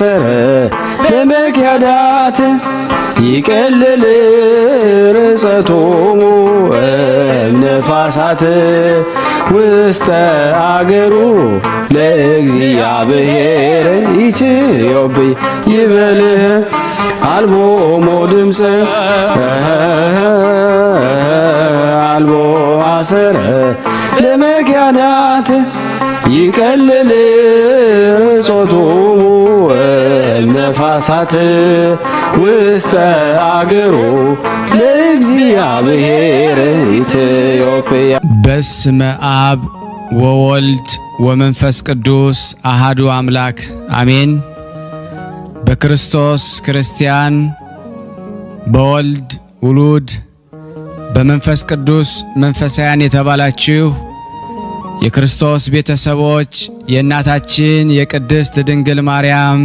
ታሰረ ለመክያዳት ይቀልል ርጸቱ ነፋሳት ውስተ አገሩ ለእግዚአብሔር ይችዮብይ ይበልህ አልቦሞ ድምፅ አልቦ አሰረ ለመክያዳት ይቀልል ጾቱ ነፋሳት ውስተ አገሩ ለእግዚአብሔር ኢትዮጵያ። በስመ አብ ወወልድ ወመንፈስ ቅዱስ አሃዱ አምላክ አሜን። በክርስቶስ ክርስቲያን በወልድ ውሉድ በመንፈስ ቅዱስ መንፈሳውያን የተባላችሁ የክርስቶስ ቤተሰቦች የእናታችን የቅድስት ድንግል ማርያም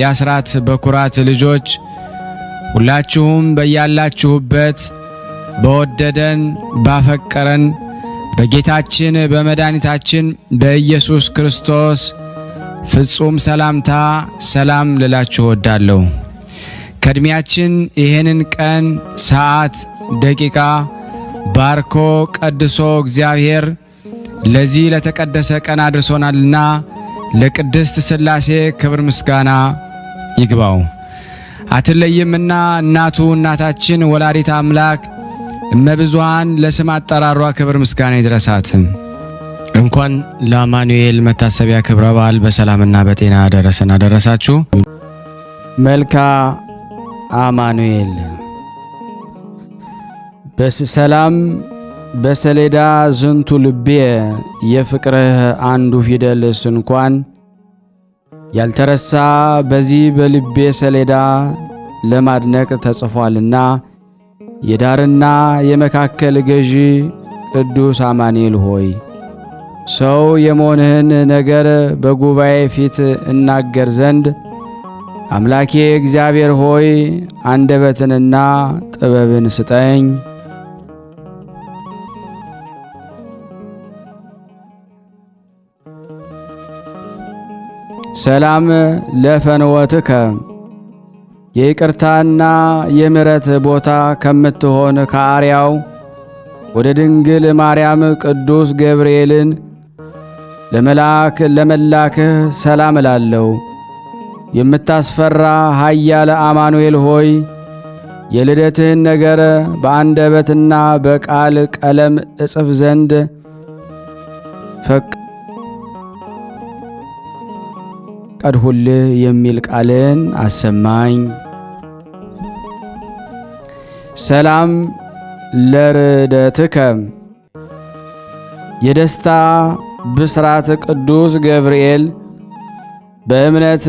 የአስራት በኩራት ልጆች ሁላችሁም በያላችሁበት በወደደን ባፈቀረን በጌታችን በመድኃኒታችን በኢየሱስ ክርስቶስ ፍጹም ሰላምታ ሰላም ልላችሁ ወዳለሁ። ከእድሜያችን ይህንን ቀን፣ ሰዓት፣ ደቂቃ ባርኮ ቀድሶ እግዚአብሔር ለዚህ ለተቀደሰ ቀን አድርሶናልና ለቅድስት ሥላሴ ክብር ምስጋና ይግባው። አትለይምና እናቱ እናታችን ወላዲት አምላክ እመብዙሃን ለስም አጠራሯ ክብር ምስጋና ይድረሳት። እንኳን ለአማኑኤል መታሰቢያ ክብረ በዓል በሰላምና በጤና ደረሰን አደረሳችሁ። መልካ አማኑኤል በሰላም በሰሌዳ ዝንቱ ልቤ የፍቅርህ አንዱ ፊደል ስንኳን ያልተረሳ በዚህ በልቤ ሰሌዳ ለማድነቅ ተጽፏልና የዳርና የመካከል ገዢ ቅዱስ አማኑኤል ሆይ ሰው የመሆንህን ነገር በጉባኤ ፊት እናገር ዘንድ አምላኬ እግዚአብሔር ሆይ አንደበትንና ጥበብን ስጠኝ። ሰላም ለፈንወትከ የይቅርታና የምረት ቦታ ከምትሆን ከአርያው ወደ ድንግል ማርያም ቅዱስ ገብርኤልን ለመላክ ለመላክህ ሰላም እላለሁ። የምታስፈራ ኃያለ አማኑኤል ሆይ የልደትህን ነገር በአንደበትና በቃል ቀለም እጽፍ ዘንድ ቀድሁልህ የሚል ቃልን አሰማኝ። ሰላም ለርደትከ የደስታ ብስራት ቅዱስ ገብርኤል በእምነት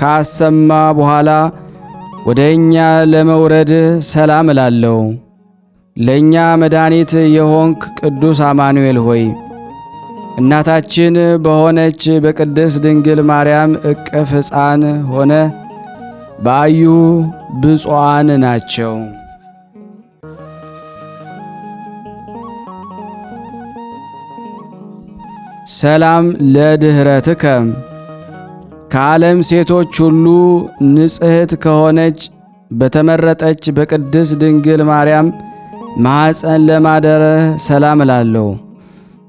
ካሰማ በኋላ ወደ እኛ ለመውረድ ሰላም እላለሁ። ለእኛ መድኃኒት የሆንክ ቅዱስ አማኑኤል ሆይ እናታችን በሆነች በቅድስት ድንግል ማርያም እቅፍ ሕፃን ሆነ። ባዩ ብፁዓን ናቸው። ሰላም ለድኅረትከ ከዓለም ሴቶች ሁሉ ንጽሕት ከሆነች በተመረጠች በቅድስት ድንግል ማርያም ማኅፀን ለማደረ ሰላም እላለሁ።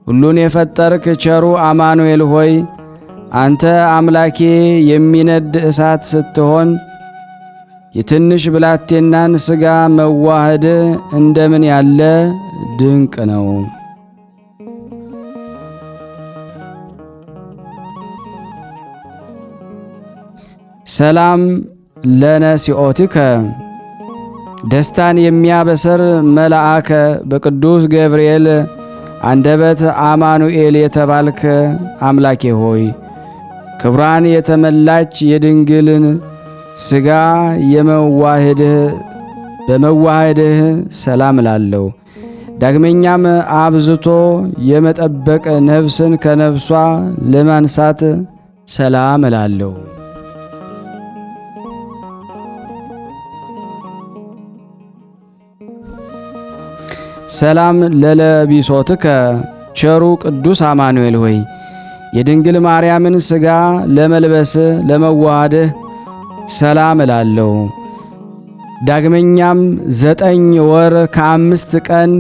ሁሉን የፈጠርክ ቸሩ አማኑኤል ሆይ አንተ አምላኬ የሚነድ እሳት ስትሆን የትንሽ ብላቴናን ሥጋ መዋህድ እንደምን ያለ ድንቅ ነው። ሰላም ለነሲኦትከ ደስታን የሚያበስር መልአከ በቅዱስ ገብርኤል አንደበት አማኑኤል የተባልከ አምላኬ ሆይ ክብራን የተመላች የድንግልን ሥጋ የመዋህድህ በመዋህድህ ሰላም እላለሁ። ዳግመኛም አብዝቶ የመጠበቅ ነፍስን ከነፍሷ ለማንሳት ሰላም እላለሁ። ሰላም ለለቢሶትከ ቸሩ ቅዱስ አማኑኤል ሆይ የድንግል ማርያምን ሥጋ ለመልበስህ ለመዋሃድህ ሰላም እላለሁ። ዳግመኛም ዘጠኝ ወር ከአምስት ቀን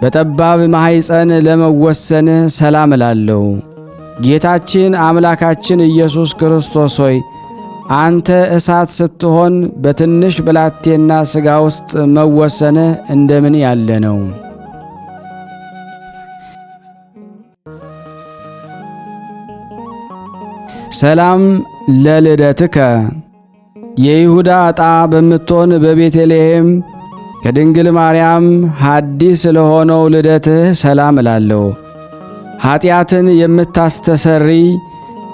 በጠባብ ማኅፀን ለመወሰንህ ሰላም እላለሁ። ጌታችን አምላካችን ኢየሱስ ክርስቶስ ሆይ አንተ እሳት ስትሆን በትንሽ ብላቴና ሥጋ ውስጥ መወሰንህ እንደምን ያለ ነው? ሰላም ለልደትከ የይሁዳ ዕጣ በምትሆን በቤተልሔም ከድንግል ማርያም ሐዲስ ስለሆነው ልደትህ ሰላም እላለሁ። ኀጢአትን የምታስተሰሪ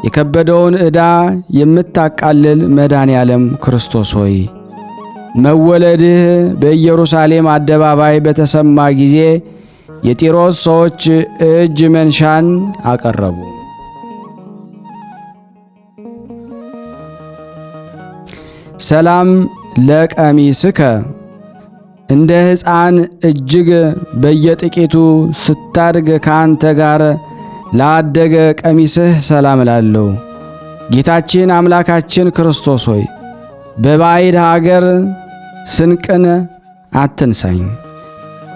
የከበደውን ዕዳ የምታቃልል መድኃኔ ዓለም ክርስቶስ ሆይ መወለድህ በኢየሩሳሌም አደባባይ በተሰማ ጊዜ የጢሮስ ሰዎች እጅ መንሻን አቀረቡ። ሰላም ለቀሚስከ እንደ ሕፃን እጅግ በየጥቂቱ ስታድግ ከአንተ ጋር ላደገ ቀሚስህ ሰላም እላለሁ። ጌታችን አምላካችን ክርስቶስ ሆይ በባዕድ አገር ስንቅን አትንሳኝ።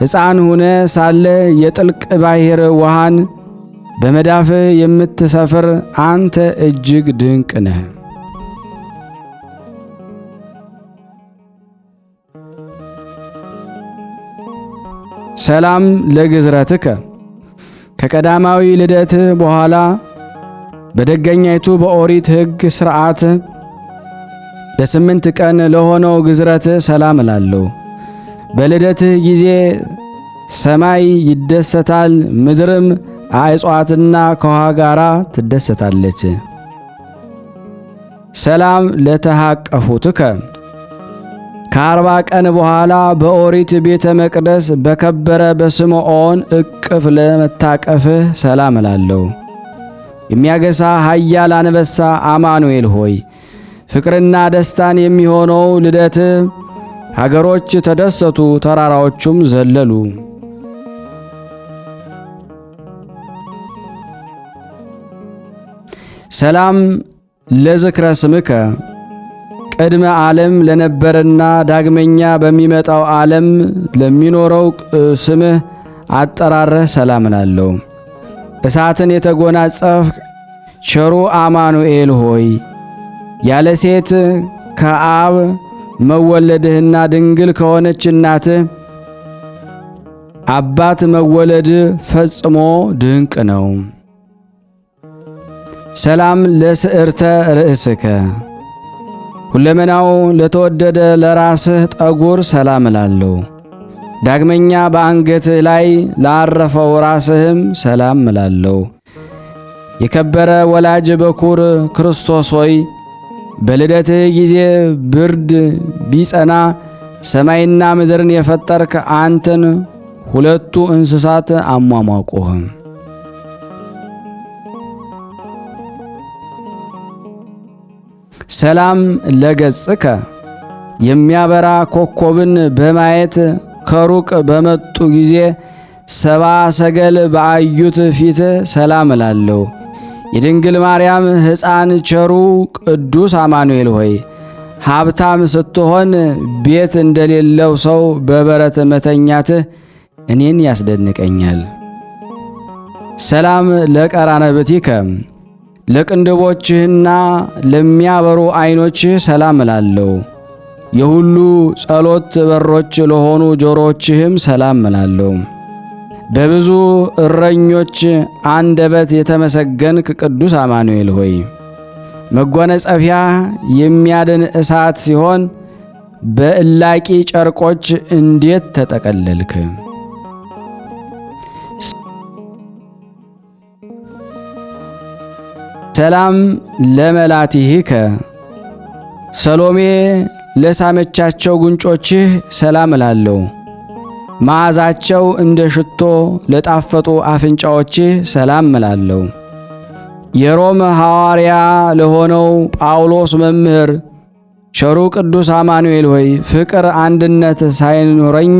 ሕፃን ሆነ ሳለ የጥልቅ ባሕር ውሃን በመዳፍህ የምትሰፍር አንተ እጅግ ድንቅ ነህ። ሰላም ለግዝረትከ ከቀዳማዊ ልደት በኋላ በደገኛይቱ በኦሪት ሕግ ሥርዓት በስምንት ቀን ለሆነው ግዝረት ሰላም እላለሁ። በልደትህ ጊዜ ሰማይ ይደሰታል፣ ምድርም አእጽዋትና ከውሃ ጋራ ትደሰታለች። ሰላም ለተሃቀፉትከ ከአርባ ቀን በኋላ በኦሪት ቤተ መቅደስ በከበረ በስምዖን እቅፍ ለመታቀፍህ ሰላም እላለሁ። የሚያገሳ ኃያል አንበሳ አማኑኤል ሆይ ፍቅርና ደስታን የሚሆነው ልደትህ ሀገሮች ተደሰቱ፣ ተራራዎቹም ዘለሉ። ሰላም ለዝክረ ስምከ ቅድመ ዓለም ለነበረና ዳግመኛ በሚመጣው ዓለም ለሚኖረው ስምህ አጠራረህ ሰላም እላለሁ። እሳትን የተጎናጸፍ ቸሩ አማኑኤል ሆይ ያለ ሴት ከአብ መወለድህና ድንግል ከሆነች እናትህ አባት መወለድ ፈጽሞ ድንቅ ነው። ሰላም ለስዕርተ ርእስከ ሁለመናው ለተወደደ ለራስህ ጠጉር ሰላም እላለሁ። ዳግመኛ በአንገትህ ላይ ላረፈው ራስህም ሰላም እላለሁ። የከበረ ወላጅ በኩር ክርስቶስ ሆይ በልደትህ ጊዜ ብርድ ቢጸና ሰማይና ምድርን የፈጠርክ አንተን ሁለቱ እንስሳት አሟሟቁህም። ሰላም ለገጽከ የሚያበራ ኮከብን በማየት ከሩቅ በመጡ ጊዜ ሰባ ሰገል በአዩት ፊት ሰላም እላለሁ። የድንግል ማርያም ሕፃን ቸሩ ቅዱስ አማኑኤል ሆይ ሀብታም ስትሆን ቤት እንደሌለው ሰው በበረት መተኛትህ እኔን ያስደንቀኛል። ሰላም ለቀራነብቲከ ለቅንድቦችህና ለሚያበሩ ዐይኖችህ ሰላም እላለሁ። የሁሉ ጸሎት በሮች ለሆኑ ጆሮችህም ሰላም እላለሁ። በብዙ እረኞች አንደበት የተመሰገንክ ቅዱስ አማኑኤል ሆይ መጓነጸፊያ የሚያድን እሳት ሲሆን በእላቂ ጨርቆች እንዴት ተጠቀለልክ? ሰላም ለመላቲህከ ሰሎሜ ለሳመቻቸው ጉንጮችህ ሰላም እላለሁ። መዓዛቸው እንደ ሽቶ ለጣፈጡ አፍንጫዎችህ ሰላም እላለሁ። የሮም ሐዋርያ ለሆነው ጳውሎስ መምህር ቸሩ ቅዱስ አማኑኤል ሆይ ፍቅር አንድነት ሳይኖረኝ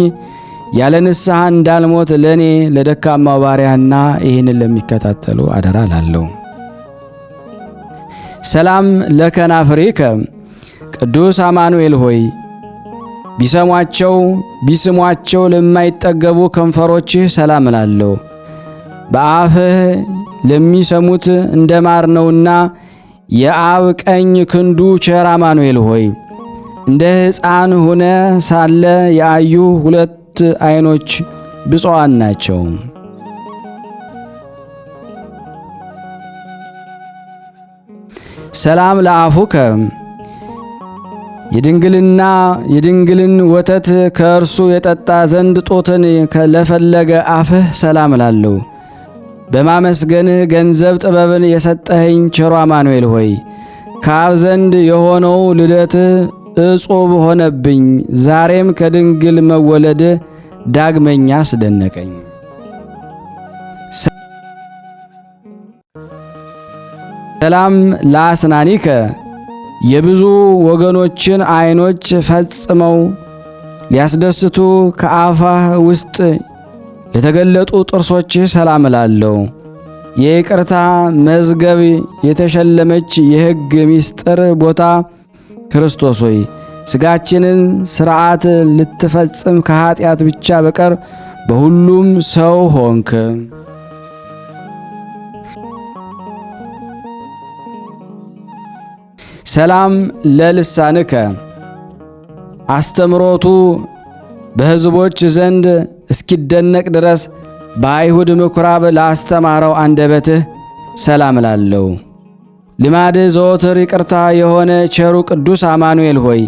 ያለ ንስሐ እንዳልሞት ለእኔ ለደካማው ባሪያና ይህንን ለሚከታተሉ አደራ እላለሁ። ሰላም ለከናፍሪከ ቅዱስ አማኑኤል ሆይ ቢሰሟቸው ቢስሟቸው ለማይጠገቡ ከንፈሮችህ ሰላም እላለሁ። በአፍህ ለሚሰሙት እንደ ማር ነውና የአብ ቀኝ ክንዱ ቸር አማኑኤል ሆይ እንደ ሕፃን ሆነ ሳለ የአዩ ሁለት ዐይኖች ብፁዓን ናቸው። ሰላም ለአፉከ የድንግልና የድንግልን ወተት ከእርሱ የጠጣ ዘንድ ጡትን ለፈለገ አፍህ ሰላም እላለሁ። በማመስገንህ ገንዘብ ጥበብን የሰጠኸኝ ቸሮ አማኑኤል ሆይ ከአብ ዘንድ የሆነው ልደትህ እጹብ ሆነብኝ። ዛሬም ከድንግል መወለድ ዳግመኛ አስደነቀኝ። ሰላም ለአስናኒከ የብዙ ወገኖችን አይኖች ፈጽመው ሊያስደስቱ ከአፋህ ውስጥ ለተገለጡ ጥርሶችህ ሰላም እላለሁ። የይቅርታ መዝገብ የተሸለመች የሕግ ምስጢር ቦታ ክርስቶስ ሆይ ሥጋችንን ሥርዓት ልትፈጽም ከኀጢአት ብቻ በቀር በሁሉም ሰው ሆንክ። ሰላም ለልሳንከ አስተምሮቱ በሕዝቦች ዘንድ እስኪደነቅ ድረስ በአይሁድ ምኵራብ ላስተማረው አንደበትህ ሰላም እላለሁ። ልማድ ዘወትር ይቅርታ የሆነ ቸሩ ቅዱስ አማኑኤል ሆይ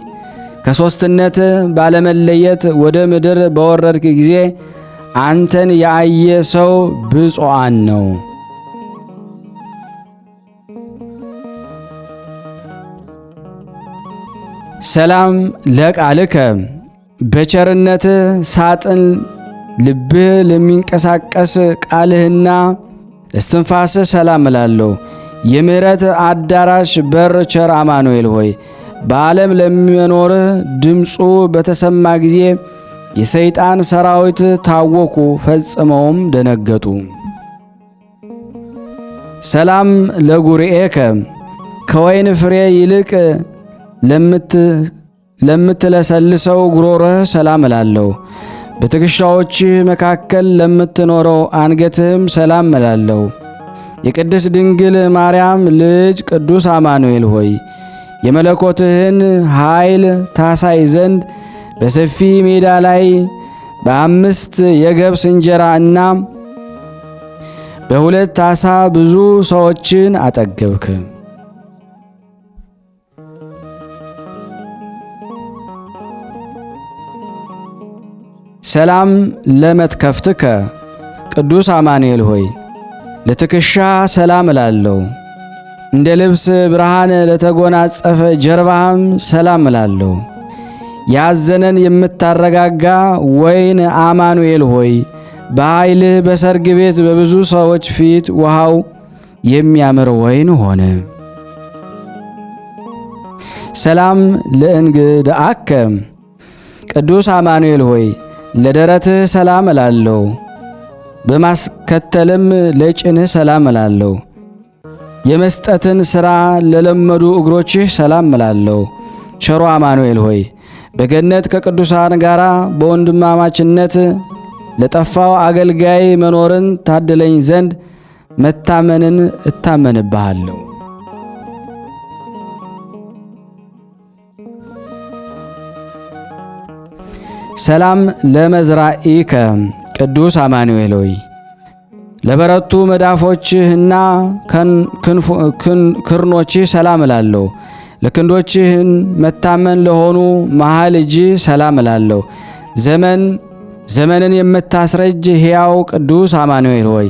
ከሦስትነት ባለመለየት ወደ ምድር በወረድክ ጊዜ አንተን ያየ ሰው ብፁዓን ነው። ሰላም ለቃልከ በቸርነት ሳጥን ልብህ ለሚንቀሳቀስ ቃልህና እስትንፋስ ሰላም እላለሁ። የምሕረት አዳራሽ በር ቸር አማኑኤል ሆይ በዓለም ለሚኖርህ ድምፁ በተሰማ ጊዜ የሰይጣን ሰራዊት ታወኩ፣ ፈጽመውም ደነገጡ። ሰላም ለጉርኤከ ከወይን ፍሬ ይልቅ ለምትለሰልሰው ጉሮሮህ ሰላም እላለሁ። በትከሻዎችህ መካከል ለምትኖረው አንገትህም ሰላም እላለሁ። የቅድስት ድንግል ማርያም ልጅ ቅዱስ አማኑኤል ሆይ የመለኮትህን ኃይል ታሳይ ዘንድ በሰፊ ሜዳ ላይ በአምስት የገብስ እንጀራ እና በሁለት ዓሣ ብዙ ሰዎችን አጠገብክ። ሰላም ለመትከፍትከ ቅዱስ አማኑኤል ሆይ ለትከሻ ሰላም እላለሁ። እንደ ልብስ ብርሃን ለተጎናጸፈ ጀርባህም ሰላም እላለሁ። ያዘነን የምታረጋጋ ወይን አማኑኤል ሆይ በኃይልህ በሰርግ ቤት በብዙ ሰዎች ፊት ውሃው የሚያምር ወይን ሆነ። ሰላም ለእንግድአከ ቅዱስ አማኑኤል ሆይ ለደረትህ ሰላም እላለሁ፣ በማስከተልም ለጭንህ ሰላም እላለሁ። የመስጠትን ሥራ ለለመዱ እግሮችህ ሰላም እላለሁ። ቸሮ አማኑኤል ሆይ በገነት ከቅዱሳን ጋር በወንድማማችነት ለጠፋው አገልጋይ መኖርን ታድለኝ ዘንድ መታመንን እታመንብሃለሁ። ሰላም ለመዝራኢከ ቅዱስ አማኑኤል ሆይ ለበረቱ መዳፎችህና ክርኖችህ ሰላም እላለሁ። ለክንዶችህን መታመን ለሆኑ መሃል እጅ ሰላም እላለሁ። ዘመን ዘመንን የምታስረጅ ሕያው ቅዱስ አማኑኤል ሆይ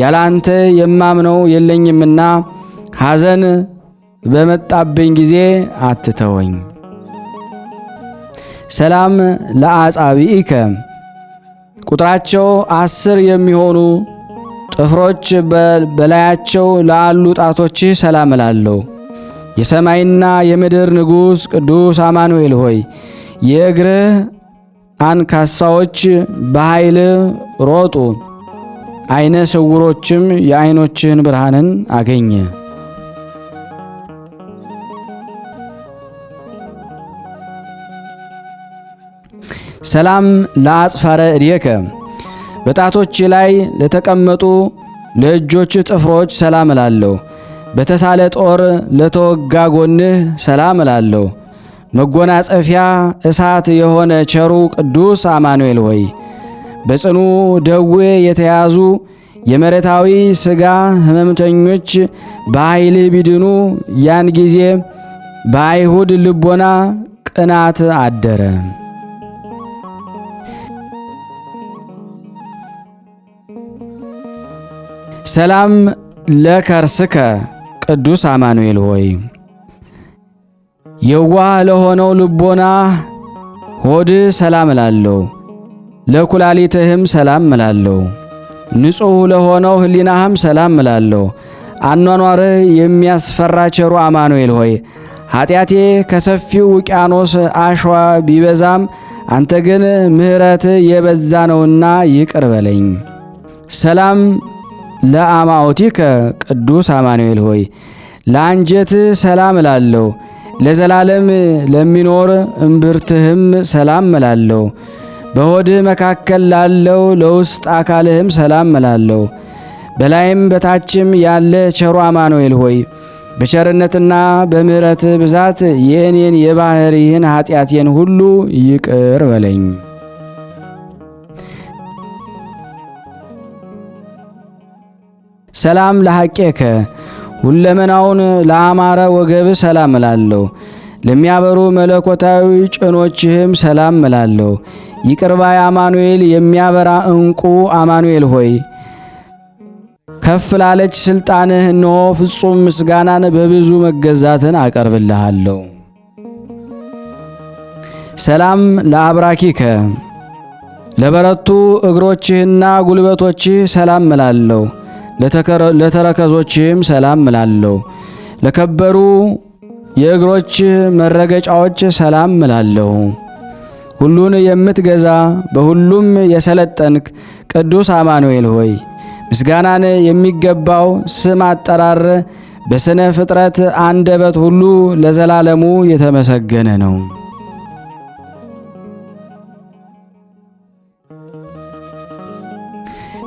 ያለ አንተ የማምነው የለኝምና ሐዘን በመጣብኝ ጊዜ አትተወኝ። ሰላም ለአጻቢኢከ ቁጥራቸው አስር የሚሆኑ ጥፍሮች በላያቸው ላሉ ጣቶችህ ሰላም እላለሁ። የሰማይና የምድር ንጉሥ ቅዱስ አማኑኤል ሆይ የእግርህ አንካሳዎች በኃይል ሮጡ፣ አይነ ስውሮችም የአይኖችህን ብርሃንን አገኘ። ሰላም ለአጽፋረ እድየከ በጣቶች ላይ ለተቀመጡ ለእጆች ጥፍሮች ሰላም እላለሁ። በተሳለ ጦር ለተወጋ ጎንህ ሰላም እላለሁ። መጎናጸፊያ እሳት የሆነ ቸሩ ቅዱስ አማኑኤል ሆይ በጽኑ ደዌ የተያዙ የመሬታዊ ሥጋ ሕመምተኞች በኃይልህ ቢድኑ ያን ጊዜ በአይሁድ ልቦና ቅናት አደረ። ሰላም ለከርስከ ቅዱስ አማኑኤል ሆይ የዋህ ለሆነው ልቦና ሆድ ሰላም እላለሁ፣ ለኩላሊትህም ሰላም እላለሁ። ንጹሕ ለሆነው ህሊናህም ሰላም እላለሁ። አኗኗርህ የሚያስፈራ ቸሩ አማኑኤል ሆይ ኃጢአቴ ከሰፊው ውቅያኖስ አሸዋ ቢበዛም አንተ ግን ምሕረት የበዛ ነውና ይቅር በለኝ። ሰላም ለአማኦቲከ ቅዱስ አማኑኤል ሆይ ለአንጀት ሰላም እላለሁ፣ ለዘላለም ለሚኖር እምብርትህም ሰላም እላለሁ። በሆድህ መካከል ላለው ለውስጥ አካልህም ሰላም እላለሁ። በላይም በታችም ያለ ቸሩ አማኑኤል ሆይ በቸርነትና በምረት ብዛት የእኔን የባሕርይህን ኃጢአቴን ሁሉ ይቅር በለኝ። ሰላም ለሐቄከ ሁለመናውን ለአማረ ወገብ ሰላም እላለሁ። ለሚያበሩ መለኮታዊ ጭኖችህም ሰላም እላለሁ። ይቅርባይ አማኑኤል የሚያበራ እንቁ አማኑኤል ሆይ ከፍ ላለች ሥልጣንህ እነሆ ፍጹም ምስጋናን በብዙ መገዛትን አቀርብልሃለሁ። ሰላም ለአብራኪከ ለበረቱ እግሮችህና ጉልበቶችህ ሰላም እላለሁ። ለተረከዞችህም ሰላም እላለሁ። ለከበሩ የእግሮች መረገጫዎች ሰላም እላለሁ። ሁሉን የምትገዛ በሁሉም የሰለጠንክ ቅዱስ አማኑኤል ሆይ ምስጋናን የሚገባው ስም አጠራር በሥነ ፍጥረት አንደበት ሁሉ ለዘላለሙ የተመሰገነ ነው።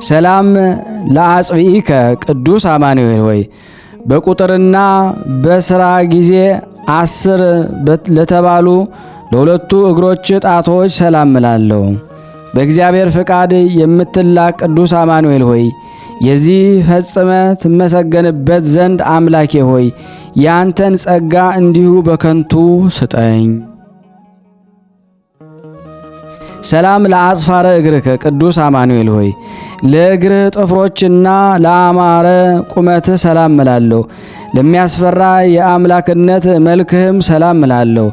ሰላም ለአጽብኢከ ቅዱስ አማኑኤል ሆይ በቁጥርና በስራ ጊዜ አስር ለተባሉ ለሁለቱ እግሮች ጣቶች ሰላም እላለሁ። በእግዚአብሔር ፍቃድ የምትላክ ቅዱስ አማኑኤል ሆይ የዚህ ፈጽመ ትመሰገንበት ዘንድ አምላኬ ሆይ ያንተን ጸጋ እንዲሁ በከንቱ ስጠኝ። ሰላም ለአጽፋረ እግርከ ቅዱስ አማኑኤል ሆይ ለእግርህ ጥፍሮችና ለአማረ ቁመትህ ሰላም እላለሁ። ለሚያስፈራ የአምላክነት መልክህም ሰላም እላለሁ።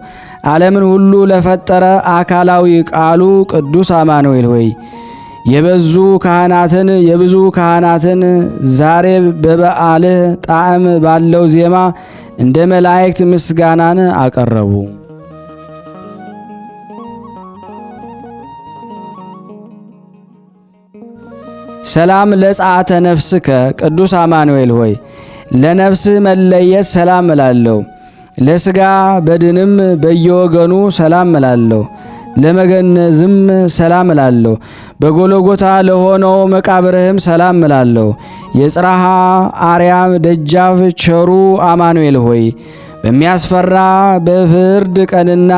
ዓለምን ሁሉ ለፈጠረ አካላዊ ቃሉ ቅዱስ አማኑኤል ሆይ የበዙ ካህናትን የብዙ ካህናትን ዛሬ በበዓልህ ጣዕም ባለው ዜማ እንደ መላእክት ምስጋናን አቀረቡ። ሰላም ለጸአተ ነፍስከ ቅዱስ አማኑኤል ሆይ ለነፍስ መለየት ሰላም እላለሁ። ለስጋ በድንም በየወገኑ ሰላም እላለሁ። ለመገነዝም ሰላም እላለሁ። በጎሎጎታ ለሆነው መቃብርህም ሰላም እላለሁ። የጽርሐ አርያም ደጃፍ ቸሩ አማኑኤል ሆይ በሚያስፈራ በፍርድ ቀንና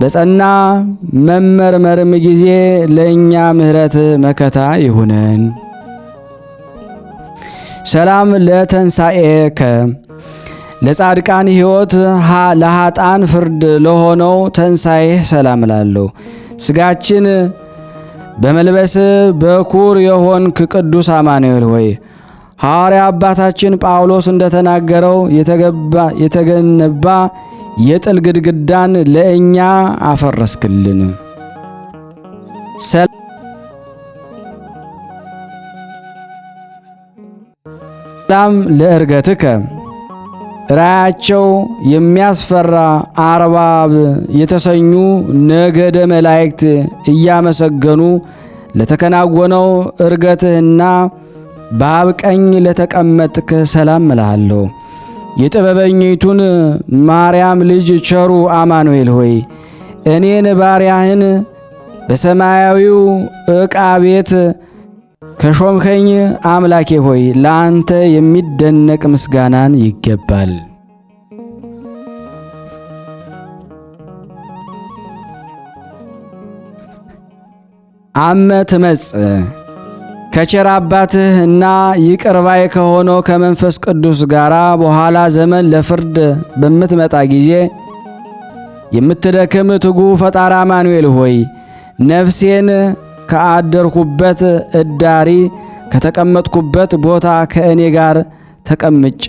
በጸና መመርመርም ጊዜ ለእኛ ምሕረት መከታ ይሁነን። ሰላም ለተንሣኤከ ለጻድቃን ሕይወት ለኃጣን ፍርድ ለሆነው ተንሣኤ ሰላም እላለሁ። ሥጋችን በመልበስ በኩር የሆንክ ቅዱስ አማኑኤል ሆይ ሐዋርያ አባታችን ጳውሎስ እንደተናገረው የተገነባ የጥል ግድግዳን ለእኛ አፈረስክልን። ሰላም ለእርገትከ ራያቸው የሚያስፈራ አርባብ የተሰኙ ነገደ መላእክት እያመሰገኑ ለተከናወነው እርገትህና በአብ ቀኝ ለተቀመጥክ ሰላም እልሃለሁ። የጥበበኝቱን ማርያም ልጅ ቸሩ አማኑኤል ሆይ እኔን ባሪያህን በሰማያዊው ዕቃ ቤት ከሾምከኝ አምላኬ ሆይ ለአንተ የሚደነቅ ምስጋናን ይገባል። አመ ትመጽእ ከቸር አባትህ እና ይቅርባይ ከሆነው ከመንፈስ ቅዱስ ጋር በኋላ ዘመን ለፍርድ በምትመጣ ጊዜ የምትደክም ትጉ ፈጣሪ አማኑኤል ሆይ ነፍሴን ከአደርኩበት እዳሪ ከተቀመጥኩበት ቦታ ከእኔ ጋር ተቀምጭ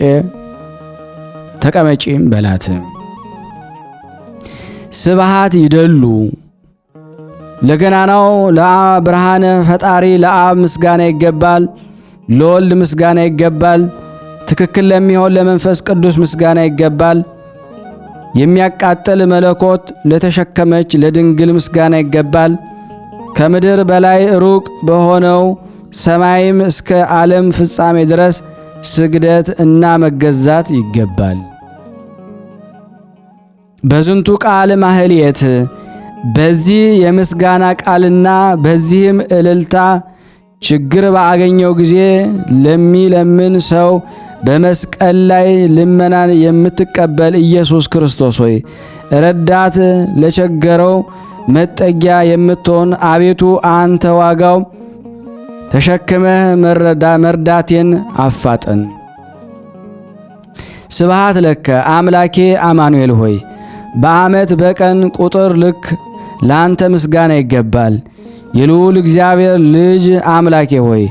ተቀመጪም በላት። ስብሃት ይደሉ ለገናናው ለብርሃነ ፈጣሪ ለአብ ምስጋና ይገባል። ለወልድ ምስጋና ይገባል። ትክክል ለሚሆን ለመንፈስ ቅዱስ ምስጋና ይገባል። የሚያቃጥል መለኮት ለተሸከመች ለድንግል ምስጋና ይገባል። ከምድር በላይ ሩቅ በሆነው ሰማይም እስከ ዓለም ፍጻሜ ድረስ ስግደት እና መገዛት ይገባል። በዝንቱ ቃል ማህልየት በዚህ የምስጋና ቃልና በዚህም እልልታ ችግር ባገኘው ጊዜ ለሚለምን ሰው በመስቀል ላይ ልመናን የምትቀበል ኢየሱስ ክርስቶስ ሆይ ረዳት ለቸገረው መጠጊያ የምትሆን አቤቱ አንተ ዋጋው ተሸክመህ መርዳቴን አፋጠን ስብሃት ለከ አምላኬ አማኑኤል ሆይ በዓመት በቀን ቁጥር ልክ ላንተ ምስጋና ይገባል። የልዑል እግዚአብሔር ልጅ አምላኬ ሆይ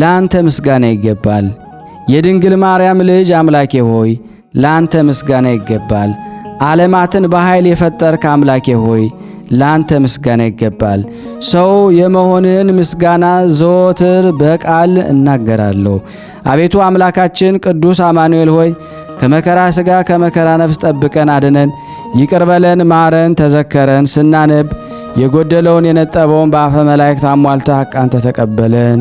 ላንተ ምስጋና ይገባል። የድንግል ማርያም ልጅ አምላኬ ሆይ ላንተ ምስጋና ይገባል። ዓለማትን በኃይል የፈጠርክ አምላኬ ሆይ ላንተ ምስጋና ይገባል። ሰው የመሆንህን ምስጋና ዘወትር በቃል እናገራለሁ። አቤቱ አምላካችን ቅዱስ አማኑኤል ሆይ ከመከራ ሥጋ ከመከራ ነፍስ ጠብቀን አድነን። ይቅር በለን ማረን፣ ተዘከረን ስናነብ የጎደለውን የነጠበውን በአፈ መላእክት አሟልተ አቃንተ ተቀበለን።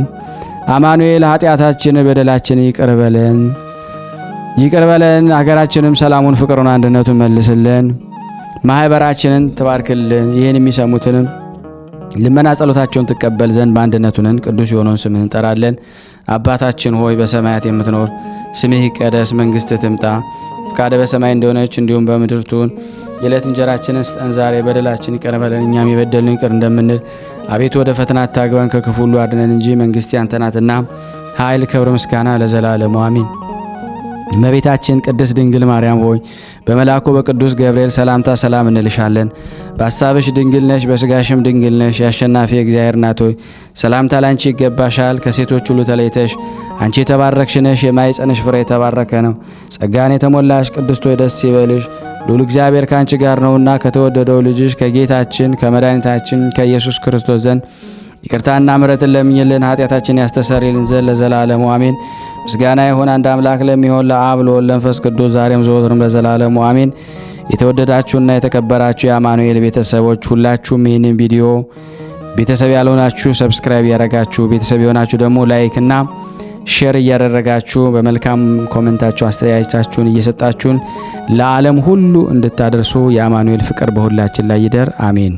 አማኑኤል ኃጢአታችን በደላችን ይቅር በለን ይቅር በለን። አገራችንም ሰላሙን፣ ፍቅሩን፣ አንድነቱን መልስልን። ማህበራችንን ትባርክልን። ይህን የሚሰሙትንም ልመና ጸሎታቸውን ትቀበል ዘንድ በአንድነቱንን ቅዱስ የሆነውን ስምህ እንጠራለን። አባታችን ሆይ በሰማያት የምትኖር ስምህ ይቀደስ፣ መንግሥት ትምጣ ፍቃደ በሰማይ እንደሆነች እንዲሁም በምድር ትሁን። የዕለት እንጀራችንን ስጠን ዛሬ፣ በደላችን ይቅር በለን እኛም የበደልን ይቅር እንደምንል። አቤቱ ወደ ፈተና አታግባን ከክፉ ሁሉ አድነን እንጂ መንግሥት ያንተ ናትና፣ ኃይል፣ ክብር፣ ምስጋና ለዘላለሙ አሚን። እመቤታችን ቅድስት ድንግል ማርያም ሆይ በመልአኩ በቅዱስ ገብርኤል ሰላምታ ሰላም እንልሻለን። በሐሳብሽ ድንግል ነሽ፣ በሥጋሽም ድንግል ነሽ። የአሸናፊ እግዚአብሔር ናት ሆይ ሰላምታ ላንቺ ይገባሻል። ከሴቶች ሁሉ ተለይተሽ አንቺ የተባረክሽ ነሽ፣ የማኅፀንሽ ፍሬ የተባረከ ነው። ጸጋን የተሞላሽ ቅድስት ሆይ ደስ ይበልሽ፣ ልዑል እግዚአብሔር ከአንቺ ጋር ነውና ከተወደደው ልጅሽ ከጌታችን ከመድኃኒታችን ከኢየሱስ ክርስቶስ ዘንድ ይቅርታና ምሕረትን ለምኝልን ኃጢአታችን ያስተሰሪልን ዘንድ ለዘላለሙ አሜን። ምስጋና ይሁን አንድ አምላክ ለሚሆን ለአብ ለወልድ ለመንፈስ ቅዱስ ዛሬም ዘወትርም ለዘላለሙ አሜን። የተወደዳችሁና የተከበራችሁ የአማኑኤል ቤተሰቦች ሁላችሁም ይህንን ቪዲዮ ቤተሰብ ያልሆናችሁ ሰብስክራይብ ያደረጋችሁ ቤተሰብ የሆናችሁ ደግሞ ላይክ ና ሼር እያደረጋችሁ በመልካም ኮመንታችሁ አስተያየታችሁን እየሰጣችሁን ለዓለም ሁሉ እንድታደርሱ የአማኑኤል ፍቅር በሁላችን ላይ ይደር። አሜን።